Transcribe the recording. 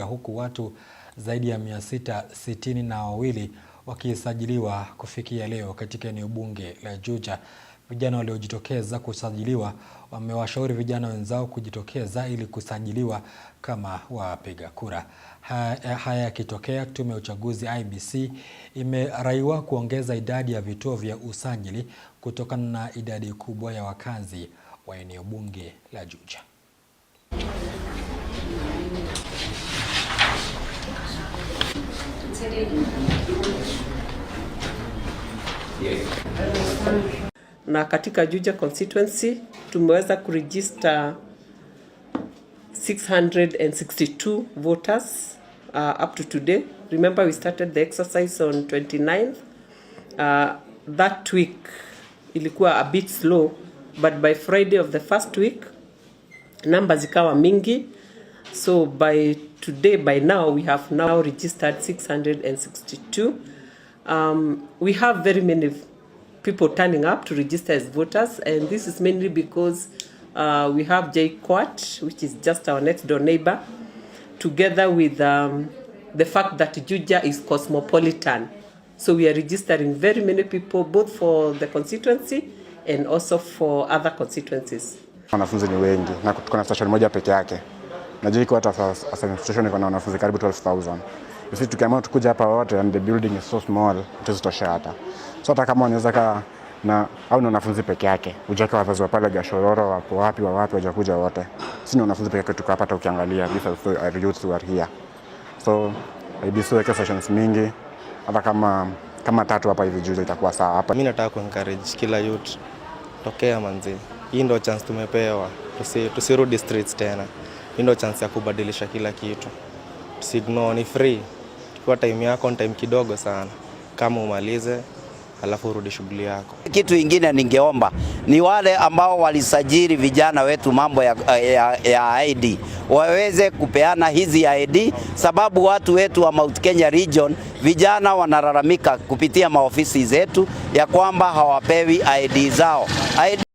Huku watu zaidi ya sitini na wawili wakisajiliwa kufikia leo katika eneo bunge la Juja. Vijana waliojitokeza kusajiliwa wamewashauri vijana wenzao kujitokeza ili kusajiliwa kama wapiga kura. Haya yakitokea, tume ya uchaguzi IEBC imeraiwa kuongeza idadi ya vituo vya usajili kutokana na idadi kubwa ya wakazi wa eneo bunge la Juja. Na katika Juja constituency tumeweza kuregister 662 voters uh, up to today. Remember we started the exercise on 29th. Uh, that week ilikuwa a bit slow but by Friday of the first week numbers ikawa mingi. So by today, by now, we have now registered 662. Um, we have very many people turning up to register as voters, and this is mainly because uh, we have quart which is just our next door neighbor, together with um, the fact that Juja is cosmopolitan. So we are registering very many people both for the constituency and also for other constituencies. Wanafunzi ni wengi na kuna station moja peke yake. Najiri kwa hata as an institution iko na wanafunzi karibu 12000. If sisi tukiamua tukuja hapa wote and the building is so small, tutazitosha hata. So hata kama unaweza ka na au ni wanafunzi peke yake, ujaka wazazi wa pale Gashororo wapo wapi wa wapi wajakuja wote. Sisi ni wanafunzi peke yake tuko hapa, hata ukiangalia these are youth who are here. So IBC weke sessions mingi hata kama kama tatu hapa hivi juzi itakuwa sawa hapa. Mimi nataka kuencourage kila youth tokea manzi, hii ndio chance tumepewa, tusirudi tusi streets tena hii ndio chance ya kubadilisha kila kitu. Signal ni free kwa time yako, ni time kidogo sana, kama umalize alafu urudi shughuli yako. Kitu ingine ningeomba ni wale ambao walisajili vijana wetu mambo ya, ya, ya ID waweze kupeana hizi ID, sababu watu wetu wa Mount Kenya region vijana wanalalamika kupitia maofisi zetu ya kwamba hawapewi ID zao ID